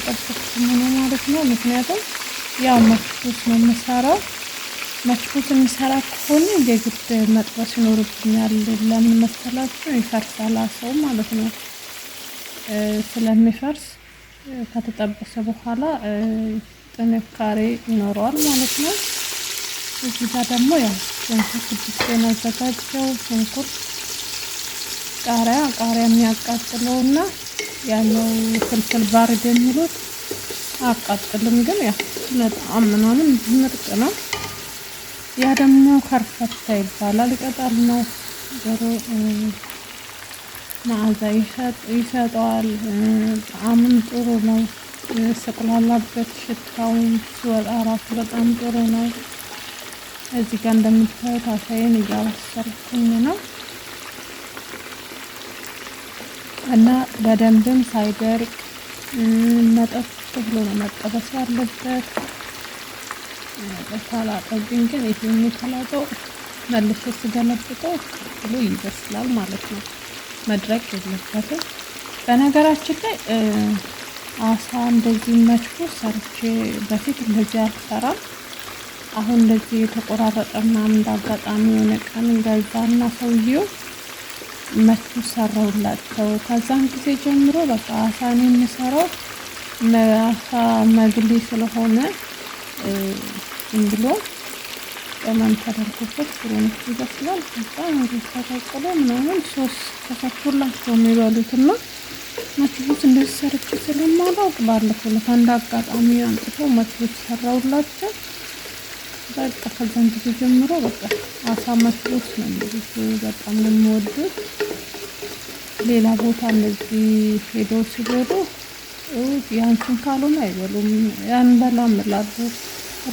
እየጠበቅኩ ነው ማለት ነው። ምክንያቱም ያው መክቡስ ነው የምሰራው። መክቡስ የሚሰራ ከሆነ የግድ መጥበስ ይኖርብኛል። ለምን መሰላችሁ? ይፈርሳል ሰው ማለት ነው። ስለሚፈርስ ከተጠበሰ በኋላ ጥንካሬ ይኖረዋል ማለት ነው። እዚህ ጋር ደግሞ ያው ሽንኩርት ስድስት አዘጋጀው። ሽንኩርት ቃሪያ ቃሪያ የሚያቃጥለውና ያለው ፍልፍል ባርድ የሚሉት አቃጥልም፣ ግን ያ በጣም ምናምን ምርጥ ነው። ያ ደግሞ ከርፈታ ይባላል። ቅጠል ነው። ዶሮ መዓዛ ይሰጠዋል። ጣዕምም ጥሩ ነው። ስቅላላበት ሽታውን ሲወጣ ራሱ በጣም ጥሩ ነው። እዚህ ጋር እንደምታዩት አሳይን እያበሰርኩኝ ነው። እና በደንብም ሳይደርቅ መጠጥ ብሎ ነው መጠበስ ያለበት። ካላጠብኝ ግን ይሄ የሚተላጠው መልሶ ስገለብጠው ብሎ ይበስላል ማለት ነው። መድረቅ የለበትም። በነገራችን ላይ አሳ እንደዚህ መችፎ ሰርቼ በፊት እንደዚህ አልሰራም። አሁን እንደዚህ የተቆራረጠ ምናምን እንዳጋጣሚ የሆነ ቀን ገዛና ሰውየው መቱ ሰራውላቸው። ከዛን ጊዜ ጀምሮ በቃ አሳ እኔ የምሰራው አሳ መግሌ ስለሆነ ብሎ ቅመም ተደርጎበት ሽሮ ይበስላል። ይመስላል። ከዛ ተቀቅሎ ምናምን ሶስ ተሰቶላቸው የሚበሉት እና መችቦት እንደዚህ ሰርቼ ስለማላውቅ ባለፈው ለታ አጋጣሚ አንጥቶ መችቦት ሰራውላቸው። በቃ ከዛን ጊዜ ጀምሮ በቃ አሳ መስሎት ነው እንግዲህ በጣም የምወዱት። ሌላ ቦታ እንደዚህ ሄደው ሲበሉ ያንችን ካልሆነ አይበሉም። ያንበላም ላሉ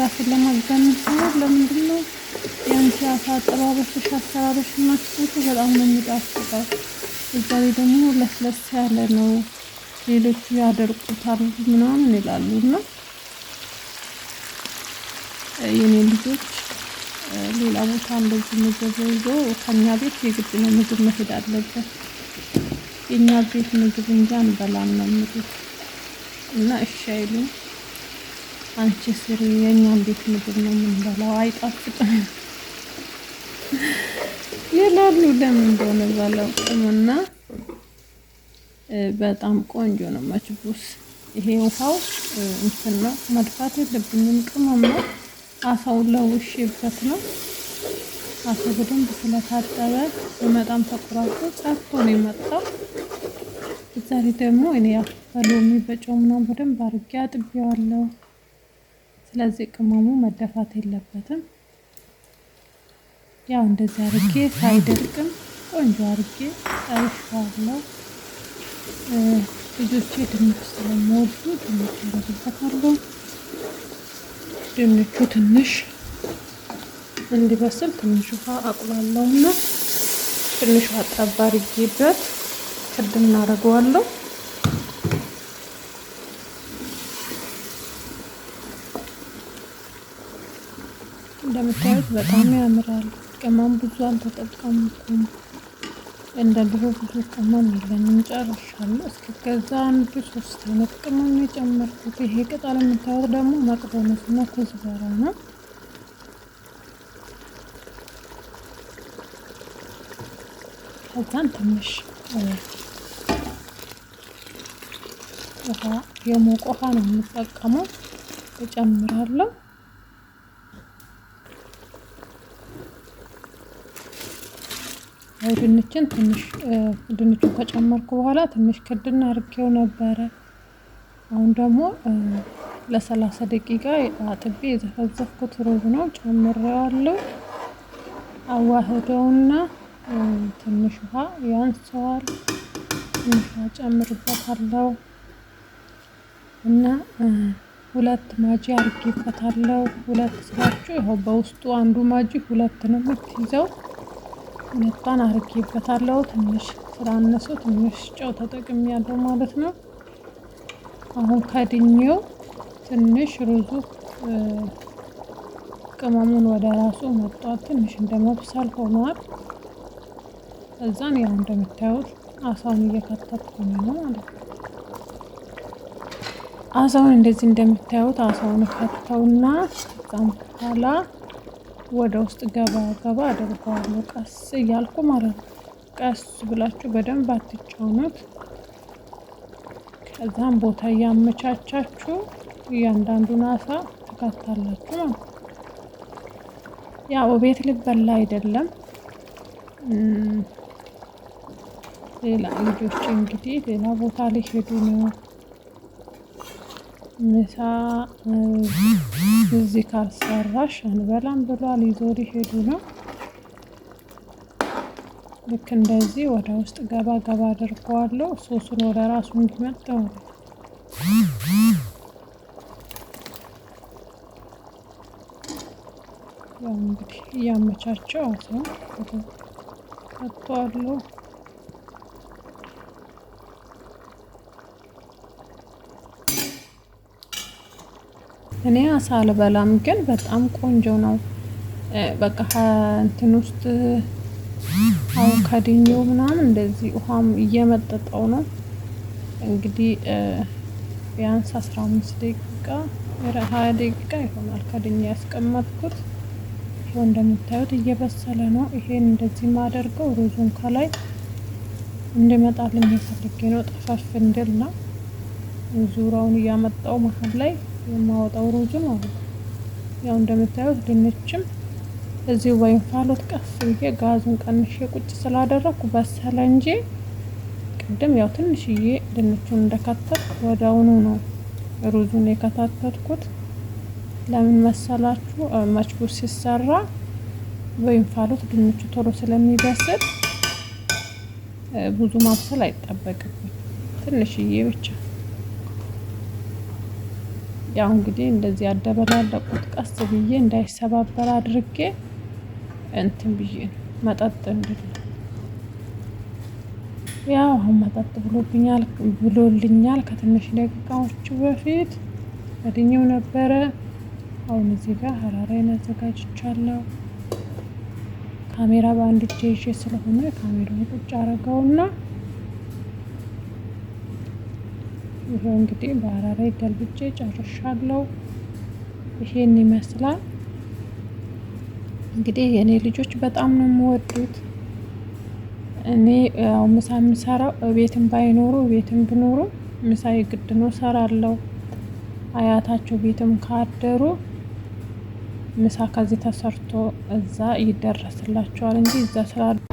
ራስን ለማዘን ሲሆን ለምንድን ነው ያንቺ አሳ አጠባበስሽ፣ አሰራሮሽ ማስጠንቶ በጣም ነው የሚጣፍጠው። እዛ ላይ ደግሞ ለስለስ ያለ ነው ሌሎቹ ያደርቁታል ምናምን ይላሉ እና የኔ ልጆች ሌላ ቦታ እንደዚህ ምግብ ይዞ ከኛ ቤት የግድ ነው ምግብ መሄድ አለበት። የእኛ ቤት ምግብ እንጃ አንበላም ነው ምግብ እና እሺ አይሉም። አንቺ ስሪ፣ የእኛን ቤት ምግብ ነው የምንበላው፣ አይጣፍጥም ይላሉ። ለምን እንደሆነ ባላውቅም እና በጣም ቆንጆ ነው መችቡስ። ይሄ ውሃው እንትን ነው መድፋት የለብኝም ቅመም ነው አሳውን ለውሼበት ነው። አሳው በደንብ ስለታጠበ በመጣም ተቆራርጦ ጸድቶ ነው የመጣው። ዛሬ ደግሞ እኔ ያ በሎሚ በጨው ነው በደንብ አድርጌ አጥቤዋለሁ። ስለዚህ ቅመሙ መደፋት የለበትም። ያው እንደዚህ አድርጌ ሳይደርቅም ቆንጆ አድርጌ ጠብሼዋለሁ። ልጆቼ ድንች ስለሚወዱ ድንች ያደርግበታለሁ። ድንቹ ትንሽ እንዲበስል ትንሽ ውሃ እና ትንሽ ውሃ ጠብ አድርጌበት ቅድም እናደርገዋለሁ። እንደምታዩት በጣም ያምራል። ቅመም ብዙ አልተጠቀምኩም። እንደ ድሮ ብዙ ቅመም የለንም ጨርሻለሁ። እስኪ ከዛ አንዱ ሶስት አይነት ቅመም የጨመርኩት ይሄ ቅጠል የምታወት ደግሞ መቅደመት ነው፣ ኩዝበራ ነው። ከዛን ትንሽ ውሃ የሞቀ ውሃ ነው የምጠቀመው እጨምራለሁ። ድንችን ትንሽ ድንቹን ከጨመርኩ በኋላ ትንሽ ክድን አድርጌው ነበረ። አሁን ደግሞ ለሰላሳ ደቂቃ አጥቤ የዘፈዘፍኩት ሩዝ ነው ጨምሬዋለሁ። አዋህደውና ትንሽ ውሃ ያንሰዋል። ትንሽ ውሃ ጨምርበታለሁ እና ሁለት ማጂ አርጌበታለው ሁለት ስላችሁ ይኸው በውስጡ አንዱ ማጂ ሁለት ነው የምትይዘው ሜጣን አርጌበታለሁ። ትንሽ ስላነሱ ትንሽ ጨው ተጠቅም ያለው ማለት ነው። አሁን ከድኜው ትንሽ ሩዙ ቅመሙን ወደ ራሱ መጧት ትንሽ እንደ መብሰል ሆኗል። እዛን ያው እንደምታዩት አሳውን እየከተትኩ ነው ማለት ነው። አሳውን እንደዚህ እንደምታዩት አሳውን ከተውና ከዛም በኋላ ወደ ውስጥ ገባ ገባ አደርገዋለሁ ቀስ እያልኩ ማለት ነው። ቀስ ብላችሁ በደንብ አትጫውኑት። ከዛም ቦታ እያመቻቻችሁ እያንዳንዱን አሳ ትካታላችሁ ማለት ነው። ያው ቤት ልበላ አይደለም። ሌላ ልጆች እንግዲህ ሌላ ቦታ ሊሄዱ ነው ምሳ እዚህ ካልሰራሽ አንበላም ብሏል። ይዞሪ ሊሄዱ ነው። ልክ እንደዚህ ወደ ውስጥ ገባ ገባ አድርገዋለሁ። ሶሱን ወደ ራሱ እንዲመጠው እንግዲህ እያመቻቸው አቶ አጥቷለሁ። እኔ አሳ አልበላም፣ ግን በጣም ቆንጆ ነው። በቃ እንትን ውስጥ አቮካዲኞ ምናምን እንደዚህ ውሃም እየመጠጠው ነው እንግዲህ ቢያንስ አስራ አምስት ደቂቃ ሀያ ደቂቃ ይሆናል ከድኛ ያስቀመጥኩት። ይኸው እንደምታዩት እየበሰለ ነው። ይሄን እንደዚህ ማደርገው ሩዙን ከላይ እንዲመጣልኝ ፈልጌ ነው፣ ጠፈፍ እንድል ነው። ዙሪያውን እያመጣው መሀል ላይ የማወጣው ሩዙ ማለት ነው። ያው እንደምታዩት ድንችም እዚሁ በእንፋሎት ቀስ ብዬ ጋዙን ቀንሼ ቁጭ ስላደረኩ በሰለ እንጂ ቅድም ያው ትንሽዬ ድንቹን እንደከተትኩ ወዲያውኑ ነው ሩዙን የከታተትኩት። ለምን መሰላችሁ? መችቡስ ሲሰራ በእንፋሎት ድንቹ ቶሎ ስለሚበስል ብዙ ማብሰል አይጠበቅብኝ፣ ትንሽዬ ብቻ ያው እንግዲህ እንደዚህ ያደበላለቁት ቀስ ብዬ እንዳይሰባበር አድርጌ እንትን ብዬ ነው መጠጥ እንግዲህ ያው አሁን መጠጥ ብሎብኛል ብሎልኛል። ከትንሽ ደቂቃዎቹ በፊት በድኜው ነበረ። አሁን እዚህ ጋር ሀራራ አዘጋጅቻለሁ። ካሜራ በአንድ እጄ ይዤ ስለሆነ ካሜራውን ቁጭ አረገውና ይሄ እንግዲህ በአራራይ ገልብጬ ጨርሻለሁ። ይሄን ይመስላል እንግዲህ የእኔ ልጆች በጣም ነው የምወዱት። እኔ ያው ምሳ የምሰራው ቤትም ባይኖሩ ቤትም ብኖሩ ምሳ የግድ ነው ሰራለሁ። አያታቸው ቤትም ካደሩ ምሳ ከዚህ ተሰርቶ እዛ ይደረስላቸዋል እንጂ እዛ ስላሉ